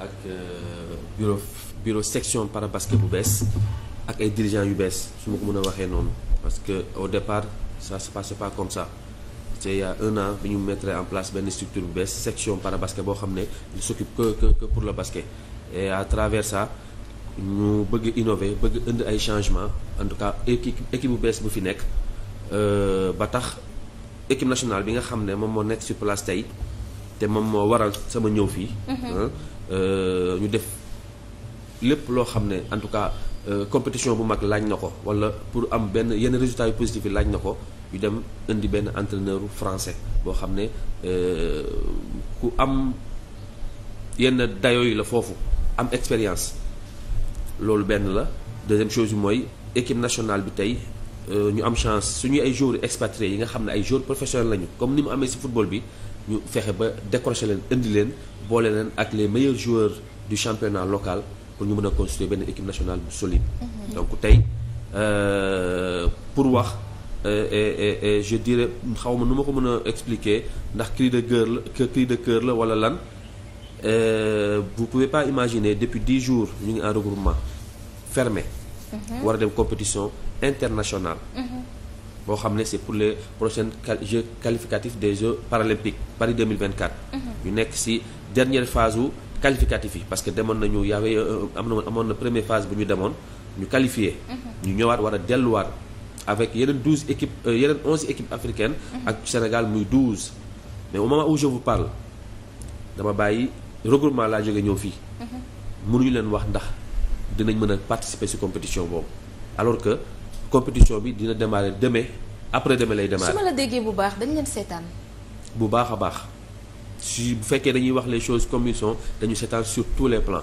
ak euh, bureau bureau section parabasket bu bees ak ay dirigeants yu bees su ma ko mën a waxee noonu parce que au départ ça se passait pas comme ça c'est il un an bi ñu mettre en place benn structure bu bees section parabasket boo xam ne il s'occupe que pour le basket et à travers ça ñu bëgg innover bëgg indi ay changement en tout cas équipe équipe bu bees bu fi nekk euh, ba tax équipe nationale bi nga xam ne moom moo nekk sur place tey te moom moo waral sama ñëw fii. Mhm. Ah, euh, ñu def lépp loo xam ne en tout cas euh, compétition bu mag laaj na ko wala pour am benn yenn résultat yu positif yi laaj na ko ñu dem indi benn entraîneur français boo xam ne euh, ku am yenn dayo yi la foofu am expérience loolu benn la deuxième chose bi mooy équipe nationale bi tey. ñu am chance suñuy ay joueurs expatriés yi nga xam ne ay joueurs professionnels lañu comme ni mu amee ci football bi ñu fexe ba décrocher leen indi leen boole leen ak les meilleurs joueurs du championnat local pour ñu mën a constituer benn équipe nationale bu solide. Mhm. donc tey euh, pour wax euh, et et je xaw ma nu ma ko mën a expliquer ndax cri de cœur la cri de cœur la wala lan euh, vous pouvez pas imaginer depuis dix jours ñu ngi en regroupement fermé. Mhm. war a dem compétition internationale. Mhm. boo xam ne c'est pour les prochaines jeux qualificatifs des jeux paralympiques Paris 2024 mhm. ñu nekk ci dernière phase wu qualificatif yi parce que demoon nañu yaawee euh, am na amoon na premier phase bu ñu demoon ñu qualifié mhm. ñu ñëwaat war a delluwaat avec yeneen douze équipes euh, yeneen onze équipes africaines mhm. ak Sénégal muy douze mais au moment où je parle dama bàyyi regroupement laa jóge ñëw fii munuñu leen wax ndax dinañ mën a participer ci compétition boobu compétition bi dina démarrer demain après demain lay démarrer. su ma la déggee bu baax dañ leen seetaan. bu baax a baax si bu fekkee dañuy wax les choses commission dañu seetaan sur tous les plans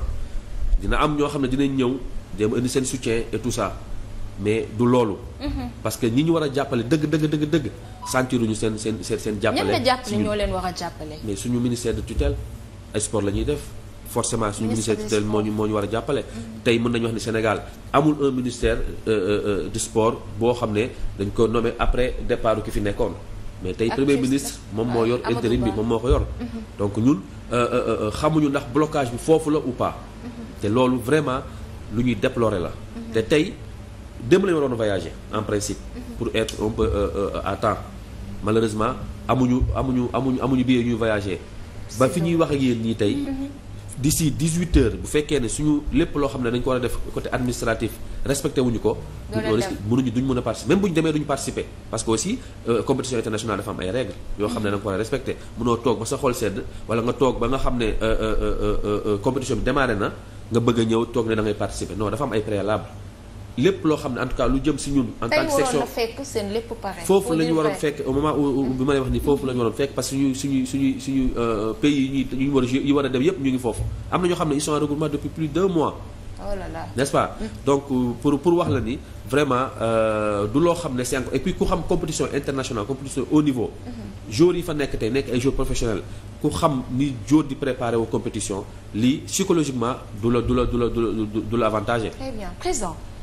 dina am ñoo xam ne dinañ ñëw dem indi seen soutien et tout mais du loolu. Mhm. parce que ñi ñu war a jàppale dëgg dëgg dëgg dëgg. sentiruñu seen seen seen seen jàppale. ñoo leen war a jàppale. mais suñu ministère de tutel ay sport la ñuy def. forcément suñu ministère tutelle moo ñu moo ñu war a jàppale. tey mën nañu wax ne Sénégal amul un ministère euh, euh, euh, du sport boo xam ne dañ ko nommé après départ ki fi nekkoon. mais tey premier ministre moom moo yor intérim bi moom moo ko yor. Mm-hmm. donc ñun xamuñu ndax blocage bi foofu la ou pas. Mm-hmm. te loolu vraiment lu ñuy déplorer la. Mm-hmm. te tey démb la ñu waroon voyager en principe. pour être un peu à temps malheureusement amuñu amuñu amuñu amuñu billet ñuy voyager. ba fi ñuy wax ak yéen d'ici dix-huit heures bu fekkee ne suñu lépp loo xam ne dañ ko war a def côté administratif respecté wuñu ko mënuñu duñ mën a participer même bu ñu demee duñu participer parce que aussi euh, compétition internationale dafa am ay règles yoo xam ne mm-hmm. da nga ko war a respecté mënoo toog ba sa xol sedd wala nga toog ba nga xam ne euh, euh, compétition bi démarré na nga bëgg ñëw toog ne da ngay participer non dafa am ay préalable lépp loo xam ne en tout cas lu jëm si ñun en tant que section foofu la ñu waroon fekk au moment où bi ma wax ni foofu la ñu waroon fekk parce que suñu suñuy suñuy suñu euh, pays ñuy ñu war a yi war a dem yépp ñu ngi foofu am na ñoo xam ne ils sont en regroupement depuis plus deux mois oh là là mm. donc euh, pour pour wax la ni vraiment euh, du loo xam ne c'est encore et puis ku xam compétition internationale compétition haut niveau mm-hmm. joueurs yi fa nekk tey nekk ay joueurs professionnels ku xam ni jour di préparer aux compétitions lii psychologiquement du la du la du la du la du l'avantage très bien